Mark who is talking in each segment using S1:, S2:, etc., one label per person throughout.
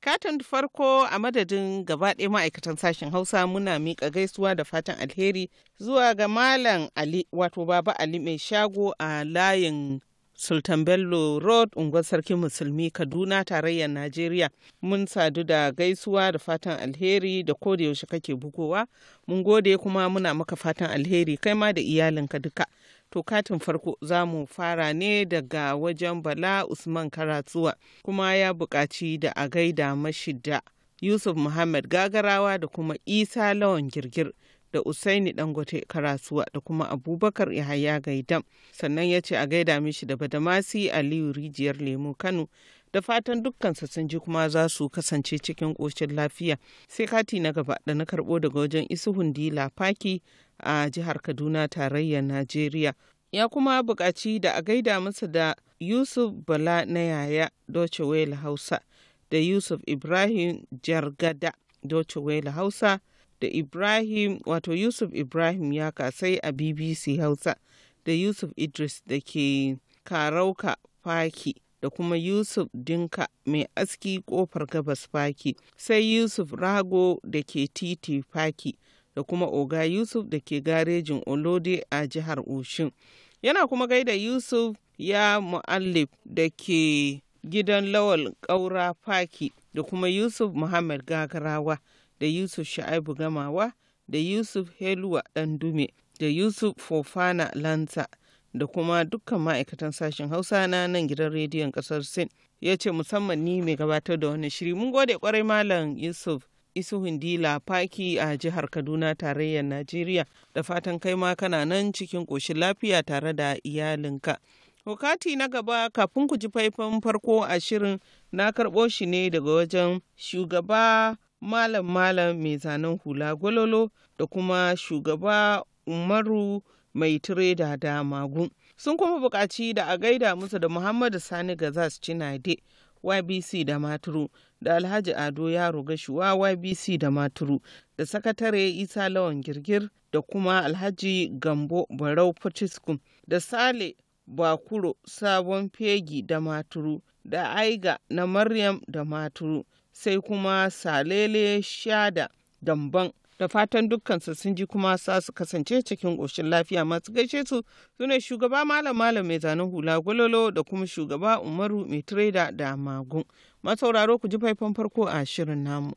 S1: Katin farko a madadin gabaɗaya ma'aikatan sashen Hausa muna miƙa gaisuwa da fatan alheri zuwa ga Malam Ali wato Baba Ali mai shago a layin Sultan Bello Road unguwar Sarkin Musulmi Kaduna tarayyar Najeriya. Mun sadu da gaisuwa da fatan alheri da koda yaushe kake bugowa. Mun gode kuma muna maka fatan alheri kai ma da iyalinka duka. To katin farko za mu fara ne daga wajen Bala Usman Karatuwa kuma ya buƙaci da a gaida mashida Yusuf Muhammad Gagarawa da kuma Isa Lawan Girgir da Usaini Dangote karatuwa da kuma Abubakar Yahaya Gaidam sannan ya ce a gaida mishi da Badamasi Aliyu Rijiyar Lemu Kano da fatan dukkansa sun ji kuma za su kasance cikin ƙoshin lafiya sai kati na gaba da na karɓo daga wajen isuhun dila faki a jihar Kaduna tarayyar Najeriya. Ya kuma buƙaci da a gaida masa da Yusuf Bala na yaya Doce Wela Hausa da Yusuf Ibrahim Jargada Doce Wela Hausa da Ibrahim wato Yusuf Ibrahim ya kasai a BBC Hausa da Yusuf Idris da ke Karauka Faki. da kuma Yusuf Dinka mai aski kofar gabas faki sai Yusuf Rago da ke titi faki da kuma oga yusuf da ke garejin olode a jihar oshin. yana kuma gaida yusuf ya mu'allif da ke gidan lawal ƙaura faki da kuma yusuf muhammad gagarawa da yusuf sha'ibu gamawa da yusuf heluwa dume da yusuf fofana lanta da kuma dukkan ma'aikatan sashen hausa na nan gidan rediyon ƙasar sin ya ce musamman ni mai gabatar da wani shiri mun gode kwarai malam yusuf isuhun dila faki a jihar kaduna tarayyar najeriya da fatan kai ma kana nan cikin ƙoshin lafiya tare da iyalinka Hukati na gaba kafin ku ji faifan farko a shirin na karɓo shi ne daga wajen shugaba malam malam mai zanen hula gwalolo da kuma shugaba umaru mai tireda da magu sun kuma buƙaci da a gaida musu da muhammadu sani gazas cinade ybc da maturu da alhaji ado yaro gashuwa ybc da maturu da sakatare isa lawan girgir da kuma alhaji gambo barau patiskum da sale bakuro sabon fegi da maturu da aiga na maryam da maturu sai kuma salele shada damban da fatan dukkansu sun ji kuma sa su kasance cikin ƙoshin lafiya masu gaishe su sune shugaba malam malam mai zanen hula gwalolo da kuma shugaba umaru mai da magun masauraro ku ji faifan farko a shirin namu.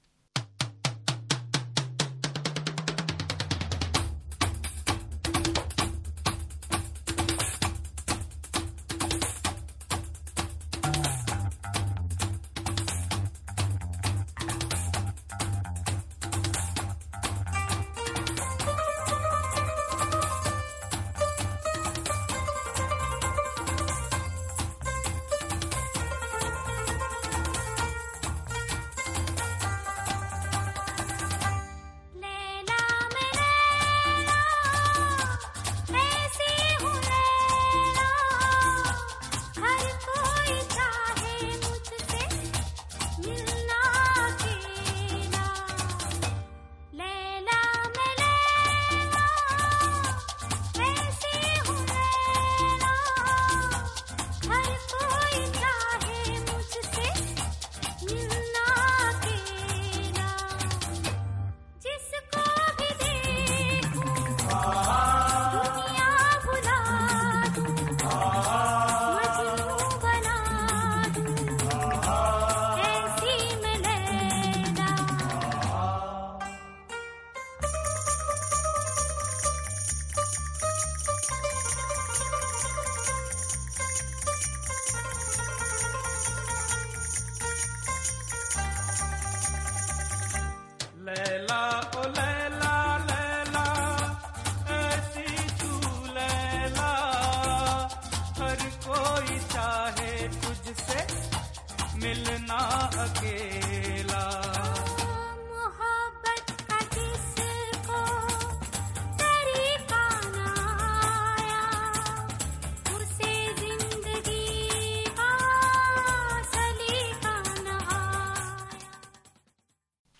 S2: अकेला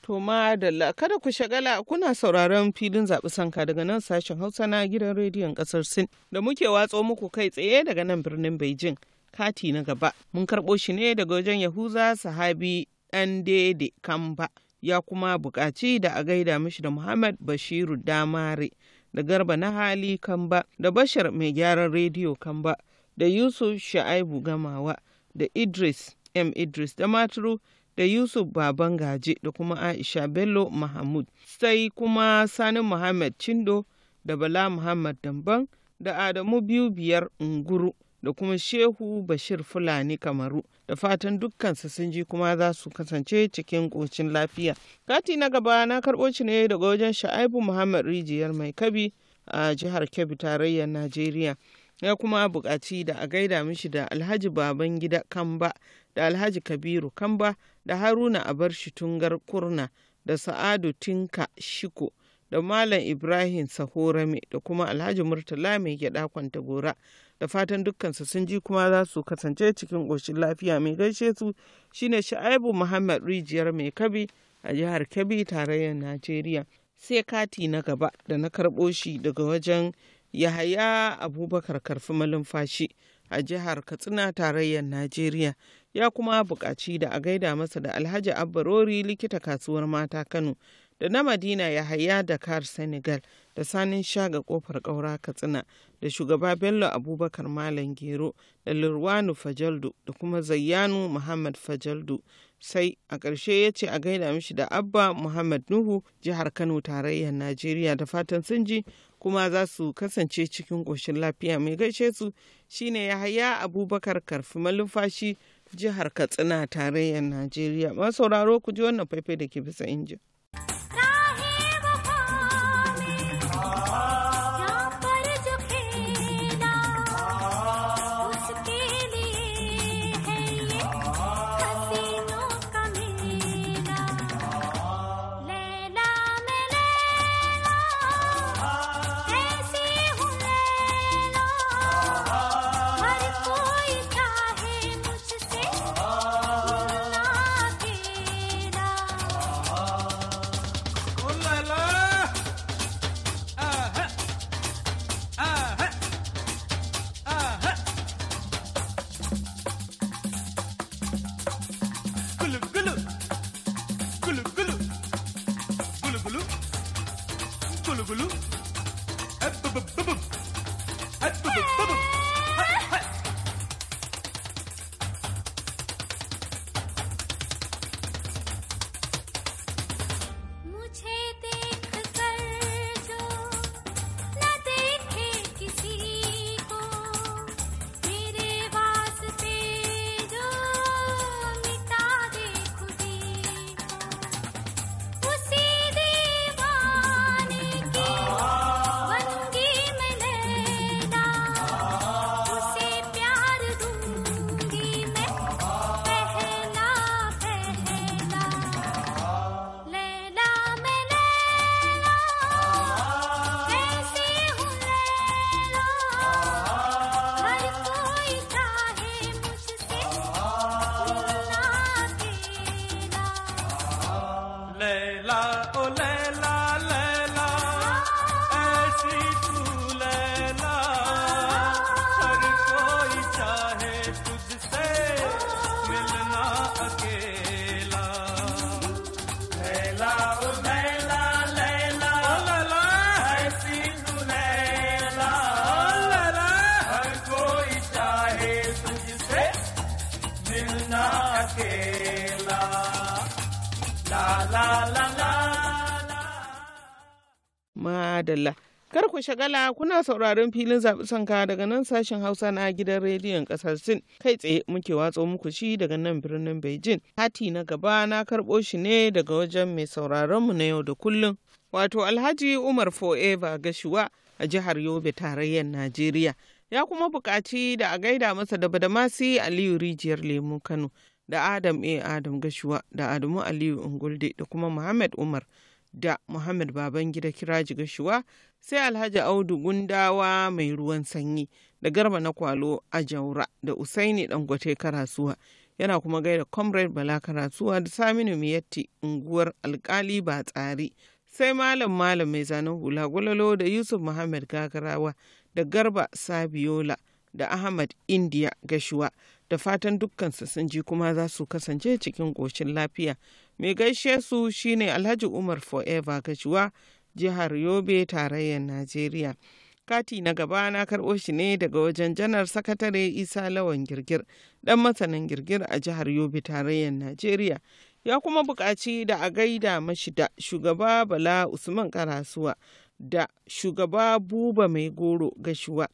S1: To madalla kada ku shagala kuna sauraron filin zaɓi sanka daga nan sashen Hausa na gidan rediyon ƙasar Sin da muke watso muku kai tsaye daga nan birnin Beijing. kati na gaba mun karɓo shi ne daga wajen yahuza sahabi ɗan dede kamba ya kuma buƙaci da a gaida mishi da muhammad bashiru damare da garba na hali kamba da bashar mai gyaran rediyo kamba da yusuf sha'aibu gamawa da idris m idris da maturu da yusuf baban gaje da kuma aisha bello mahmud sai kuma sani muhammad cindo da bala muhammad damban da adamu biyu biyar unguru da kuma Shehu Bashir Fulani Kamaru da fatan dukkansu sun ji kuma za su kasance cikin ƙocin lafiya. Kati na gaba na karɓo shi ne daga wajen Sha'aibu Muhammad Rijiyar Mai Kabi a jihar Kebbi tarayyar Najeriya. Ya kuma buƙaci da a gaida mishi da Alhaji Baban Gida Kamba da Alhaji Kabiru Kamba da Haruna Abarshi Tungar Kurna da Sa'adu Tinka Shiko da Malam Ibrahim Sahorame da kuma Alhaji Murtala mai gyada kwanta gora. Da fatan dukkansu sun ji kuma za su kasance cikin ƙoshin lafiya mai gaishe su shine Sha'ibu Muhammad Rijiyar mai kabi a jihar Kebbi tarayyar Najeriya. Sai kati na gaba da na karɓo shi daga wajen Yahaya Abubakar Karfi Malumfashi a jihar Katsina tarayyar Najeriya. Ya kuma buƙaci da a gaida masa da Alhaji Abbarori likita kasuwar mata Kano. da na madina ya haya dakar senegal da sanin shaga kofar ƙaura katsina da shugaba bello abubakar malam gero da lurwanu fajaldu da kuma zayyanu muhammad fajaldu sai a ƙarshe ya ce a gaida mishi da abba muhammad nuhu jihar kano tarayyar najeriya da fatan sun ji kuma za su kasance cikin ƙoshin lafiya mai gaishe su shine ya haya abubakar karfi malumfashi jihar katsina tarayyar najeriya masauraro ku ji wannan faifai da ke bisa injin dalla Kar ku shagala kuna sauraron filin zaɓi sanka daga nan sashen Hausa na gidan rediyon ƙasar Sin. Kai tsaye muke watsa muku shi daga nan birnin Beijing. Hati na gaba na karɓo shi ne daga wajen mai sauraron mu na yau da kullum. Wato Alhaji Umar Forever Gashuwa a jihar Yobe tarayyar Najeriya. Ya kuma buƙaci da a gaida masa da Badamasi Aliyu Rijiyar Lemu Kano da Adam A. Adam Gashuwa da Adamu Aliyu Ungulde da kuma Muhammad Umar. da Muhammad Babangida Kiraji Gashuwa sai Alhaji Audu Gundawa mai ruwan sanyi da Garba na Kwalo a Jaura da Usaini Dangote Karasuwa. Yana kuma gaida Comrade Bala Karasuwa da Saminu Miyatti unguwar Alkali tsari, Sai Malam Malam mai zanen hula gwalolo da Yusuf Muhammad Gagarawa da Garba Sabiola da Ahmad India Gashuwa. Da fatan dukkansa sun ji kuma za su kasance cikin ƙoshin lafiya. Mai gaishe su shine Alhaji Umar Forever Gashuwa, jihar Yobe, tarayyar Najeriya. Kati na gaba na karɓo shi ne daga wajen janar sakatare Isa Lawan Girgir, ɗan masanin girgir a jihar Yobe, tarayyar Najeriya. Ya kuma buƙaci da a gaida mashi da shugaba Bala Usman Karasuwa da shugaba Buba Mai Goro Gashuwa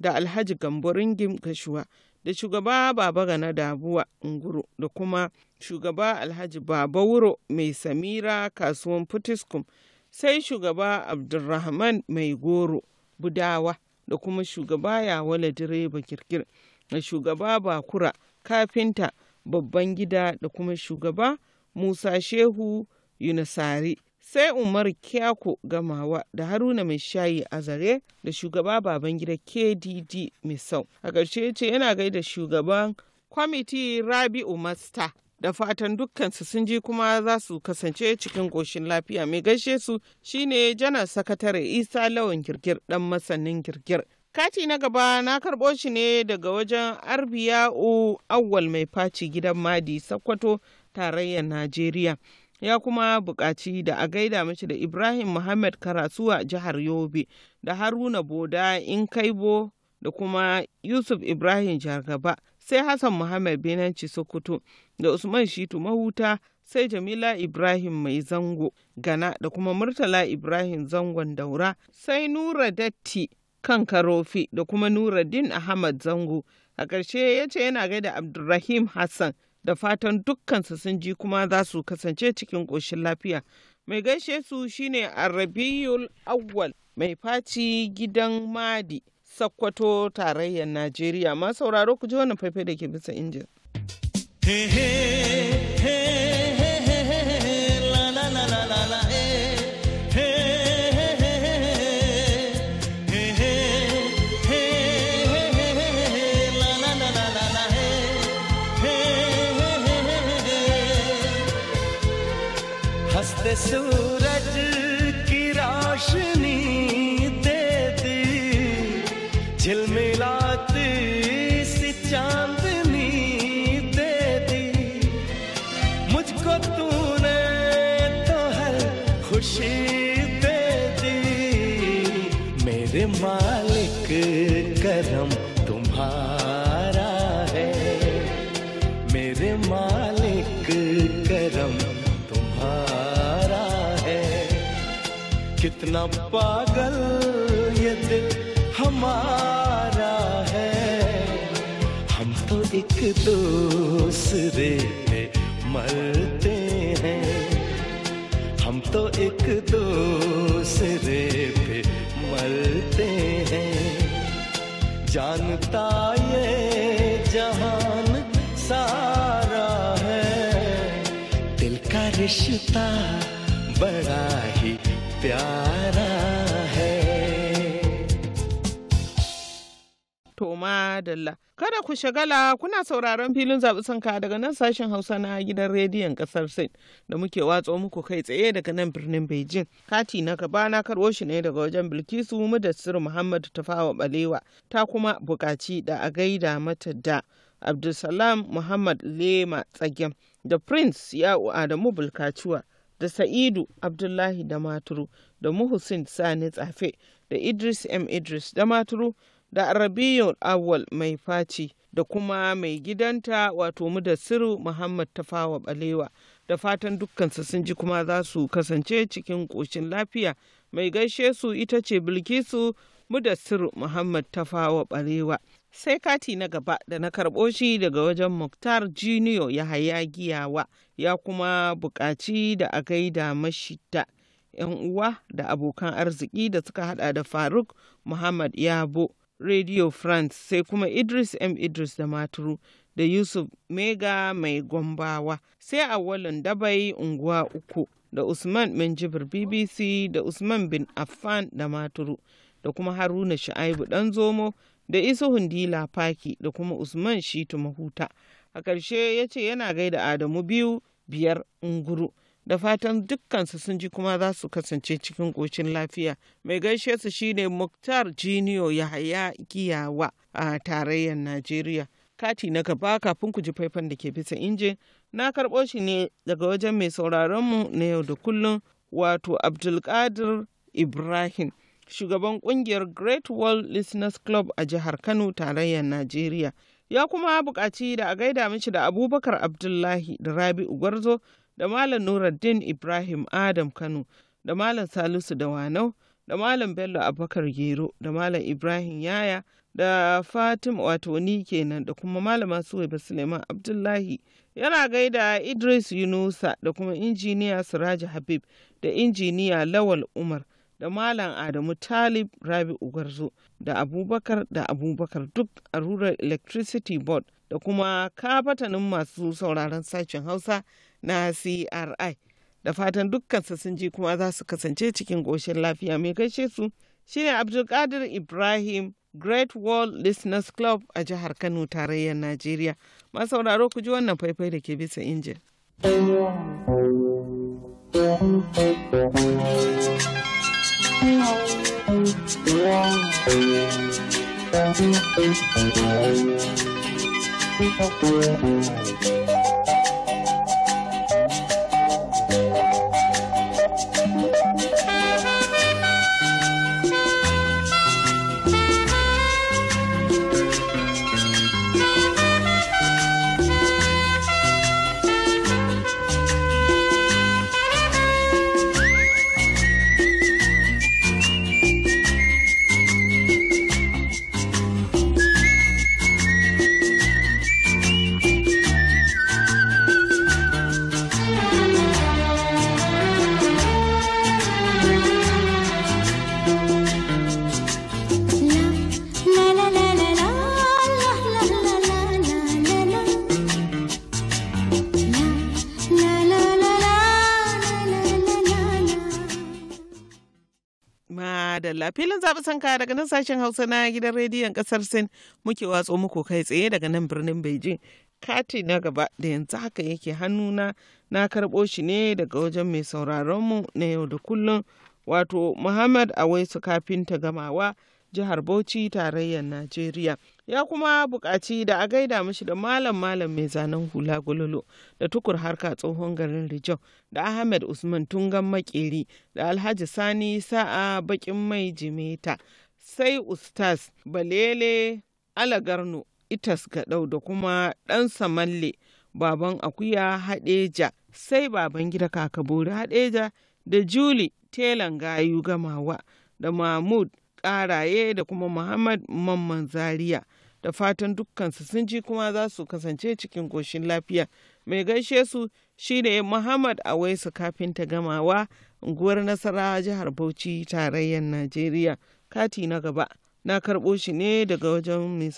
S1: da Alhaji Gambo Ringim Gashuwa. da shugaba baba gana dabuwa nguru da kuma shugaba alhaji baba wuro mai samira kasuwan putiskum sai shugaba abdulrahman mai goro budawa da kuma shugaba yawala direba kirkir da shugaba bakura kafinta babban gida da kuma shugaba musa shehu yunusari sai umar kyako gamawa da haruna mai shayi a zare da shugaba baban gida kdd misau a ƙarshe ce yana gaida shugaban kwamiti rabi'u masta da fatan dukkansu sun ji kuma za su kasance cikin goshin lafiya mai gaishe su shine janar sakatare isa lawan girgir dan masanin girgir kati na gaba na karɓo shi ne daga wajen arbiya'u awwal mai faci gidan madi sakkwato tarayyar najeriya ya kuma buƙaci da a gaida mashi da ibrahim muhammad karasuwa jihar yobe da haruna boda in kaibo da kuma yusuf ibrahim jargaba sai hassan muhammad benanci sokoto da usman shitu mahuta sai jamila ibrahim mai zango gana da kuma murtala ibrahim zangon daura sai nura datti kan karofi da kuma nura din ahmad zango a ƙarshe ya ce yana gaida abdulrahim hassan da fatan dukkansu sun ji kuma za su kasance cikin ƙoshin lafiya. Mai gaishe su shine Arabiyul Awwal mai faci gidan Madi, Sakkwato tarayyar Najeriya. Ma sauraro ku ji wani faifai da ke bisa injin. Hey, hey,
S2: hey. सूरज की रोशनी दे दी झिलमिलाती सी चांदनी दे दी मुझको तूने तो हर खुशी दे दी मेरे मालिक करम तुम्हारा कितना पागल ये दिल हमारा है हम तो एक दूसरे पे मरते हैं हम तो एक दूसरे पे मरते हैं जानता ये जहान सारा है दिल का रिश्ता बड़ा ही प्यारा
S1: madalla, kada ku shagala kuna sauraron filin zaɓi sanka daga nan sashen Hausa na gidan rediyon ƙasar Sin da muke watso muku kai tsaye daga nan birnin Beijing. Kati na gaba na karɓo shi ne daga wajen Bilkisu Mudassir Muhammad Tafawa Balewa ta kuma buƙaci da a gaida mata da Abdulsalam Muhammad Lema Tsagem da Prince Ya'u Adamu Bulkacuwa da Sa'idu Abdullahi Damaturu da Muhsin Sani Tsafe da Idris M. Idris Damaturu da Arabiyu Awal mai faci da kuma mai gidanta wato Mudassiru Muhammad Tafawa Balewa da fatan dukkansa sun ji kuma za su kasance cikin ƙoshin lafiya mai gaishe su ita ce Bilkisu Mudassiru Muhammad Tafawa Balewa sai kati na gaba da na karɓo shi daga wajen Muktar Junior ya haya giyawa ya kuma buƙaci da a gaida mashita ‘yan uwa da abokan arziki da suka hada da Faruk Muhammad Yabo, Radio France sai kuma Idris M. Idris da Maturu da Yusuf Mega mai gombawa sai awalin dabai unguwa uku da Usman Minjibir BBC da Usman bin Affan da Maturu da kuma Haruna Ɗan Zomo. da isa hundi faki da kuma usman shitu mahuta a ƙarshe ya ce yana gaida adamu biyu biyar unguru da fatan dukkansu sun ji kuma za su kasance cikin ƙoshin lafiya mai gaishe su shine muktar jiniyo yahaya kiyawa a tarayyar najeriya kati na gaba kafin ku ji faifan da ke bisa injin na karɓo shi ne daga wajen mai sauraronmu na yau da kullum wato abdulkadir ibrahim shugaban kungiyar Great World Listeners Club a jihar Kano tarayyar Najeriya. Ya kuma buƙaci da a gaida mishi da Abubakar Abdullahi da Rabi'u Gwarzo da Malam Nuruddin Ibrahim Adam Kano da Malam Salisu Dawanau da Malam Bello Abubakar Gero da Malam Ibrahim Yaya da Fatim wato kenan da kuma Malama Suwaiba Suleiman Abdullahi yana gaida Idris Yunusa da kuma injiniya Siraji Habib da injiniya Lawal Umar. da Malam Adamu Talib Rabi, Garzo da Abubakar da Abubakar duk a Rural Electricity Board da kuma kafatanin masu sauraron sashen Hausa na CRI. Da fatan dukkansa sun ji kuma za su kasance cikin goshen lafiya mai gaishe su shine Abdulkadir Ibrahim Great World Listeners Club a jihar Kano tarayyar Najeriya. Masauraro ku ji wannan faifai da ke bisa injin.
S2: Thank you.
S1: madalla filin zaɓi sanka daga nan sashen hausa na gidan rediyon ƙasar sin muke watso muku kai tsaye daga nan birnin beijing kati na gaba da yanzu haka yake hannuna na karɓo shi ne daga wajen mai sauraronmu na yau da kullum wato muhammad awaisu ta gamawa jihar bauchi tarayyar najeriya ya kuma buƙaci da a gaida mashi da malam malam mai zanen hula gololo da tukur harka tsohon garin rijau da ahmed usman tungan makeri da alhaji sani sa'a bakin mai jimeta sai ustaz balele alagarno itas gaɗau da kuma ɗansa Samalle baban akuya haɗeja sai baban gida kaka bori haɗeja da juli telan gayu gamawa da mahmud ƙaraye da kuma muhammad mamman zaria da fatan dukkansu sun ji kuma za su kasance cikin goshin lafiya mai gaishe su shine muhammad awaisu kafin ta gamawa unguwar nasara jihar bauchi tarayyar najeriya kati na gaba na karɓo shi ne daga wajen mai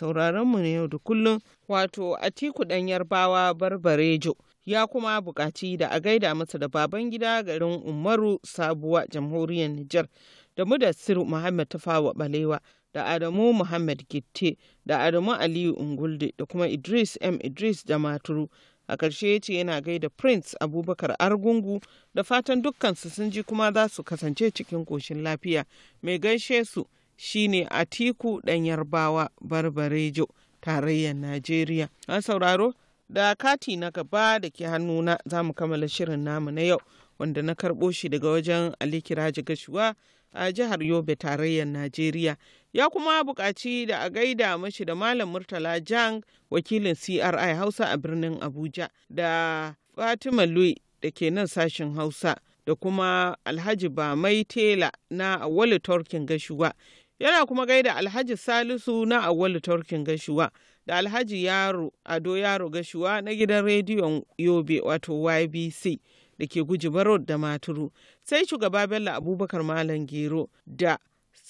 S1: mu na yau da kullum wato atiku ɗan yarbawa barbarejo ya kuma buƙaci da a gaida masa da baban gida garin umaru sabuwa jamhuriyar nijar da mu da siru muhammad tafawa balewa da Adamu muhammed Gitte da Adamu Aliyu Ingulde da kuma Idris M. Idris da Maturu. A ƙarshe ya ce yana gaida Prince Abubakar Argungu da fatan dukkansu sun ji kuma za su kasance cikin ƙoshin lafiya. Mai gaishe su shine Atiku ɗan Yarbawa Barbarejo, tarayyar Najeriya. An sauraro da kati na gaba da ke hannuna za mu kammala shirin namu na yau wanda na karɓo shi daga wajen Ali Kiraji Gashuwa a jihar Yobe tarayyar Najeriya. ya kuma buƙaci da a gaida mashi da Malam Murtala Jang wakilin CRI Hausa a birnin Abuja da Fatima Lui da ke nan sashen Hausa da kuma Alhaji Bamai Tela na Awali Torkin Gashuwa. Yana kuma gaida Alhaji Salisu na Awali Torkin Gashuwa da Alhaji Yaro Ado Yaro Gashuwa na gidan rediyon Yobe wato YBC da ke guji Road da Maturu sai shugaba Bello Abubakar Malam Gero da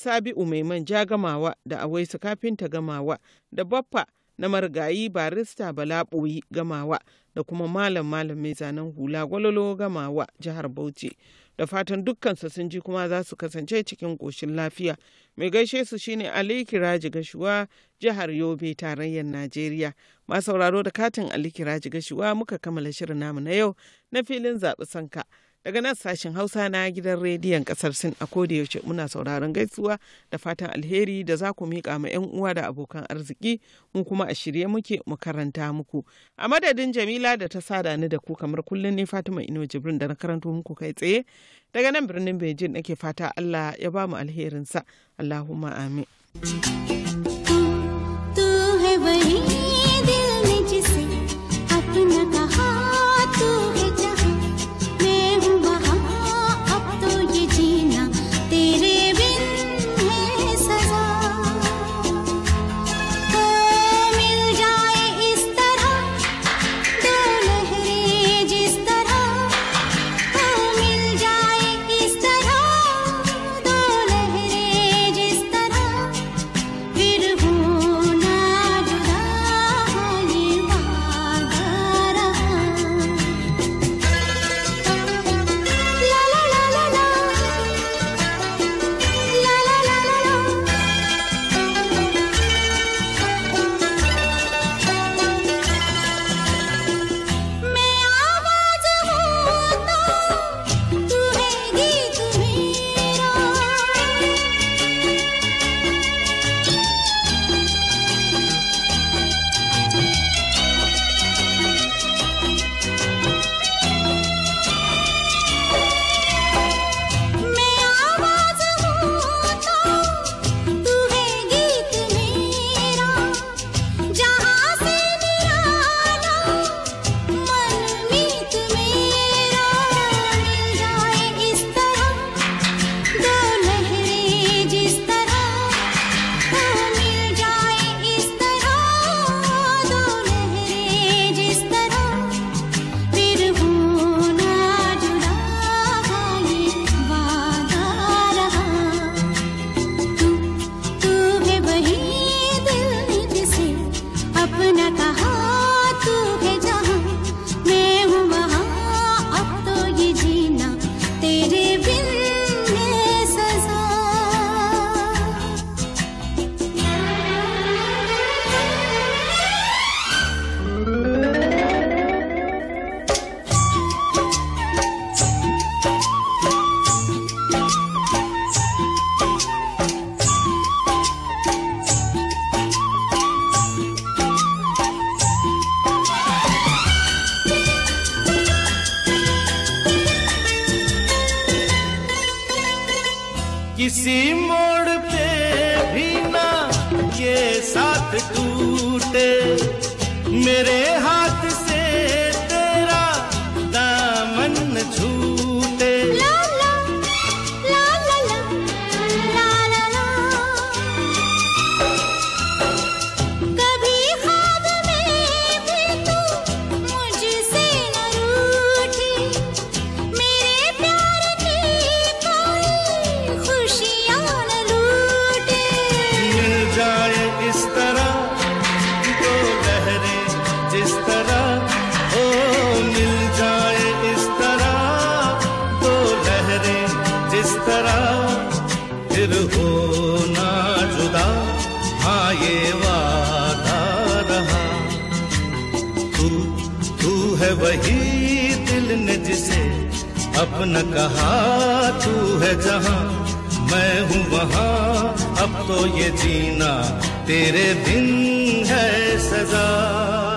S1: Sabi'u mai manja gamawa da Awaisu kafinta gamawa da Baffa na marigayi barista Bala Ɓoyi gamawa da kuma malam malam mai zanen hula gwalolo gamawa jihar Bauchi. Da fatan dukkansa sun ji kuma za su kasance cikin ƙoshin lafiya. Mai gaishe su shine Ali Kiraji Gashuwa jihar Yobe tarayyar Najeriya. Ma sauraro da katin Ali Kiraji Gashuwa muka kammala shirin namu na yau na filin zaɓi sanka. daga nan sashen hausa na gidan rediyon kasar sin a koda yaushe muna sauraron gaisuwa da fatan alheri da za ku miƙa ma 'yan uwa da abokan arziki mu kuma a shirye muke mu karanta muku a madadin jamila da ta sada ni da ku kamar kullum ne fatima ino jibrin da na karanto muku kai tsaye daga nan birnin beijing nake fata allah ya ba mu alherinsa allahumma amin
S2: किसी मोड़ पे भी ना ये साथ टूटे मेरे फिर होना जुदा हाँ ये वादा रहा तू तू है वही दिल ने जिसे अपना कहा तू है जहाँ मैं हूँ वहाँ अब तो ये जीना तेरे दिन है सजा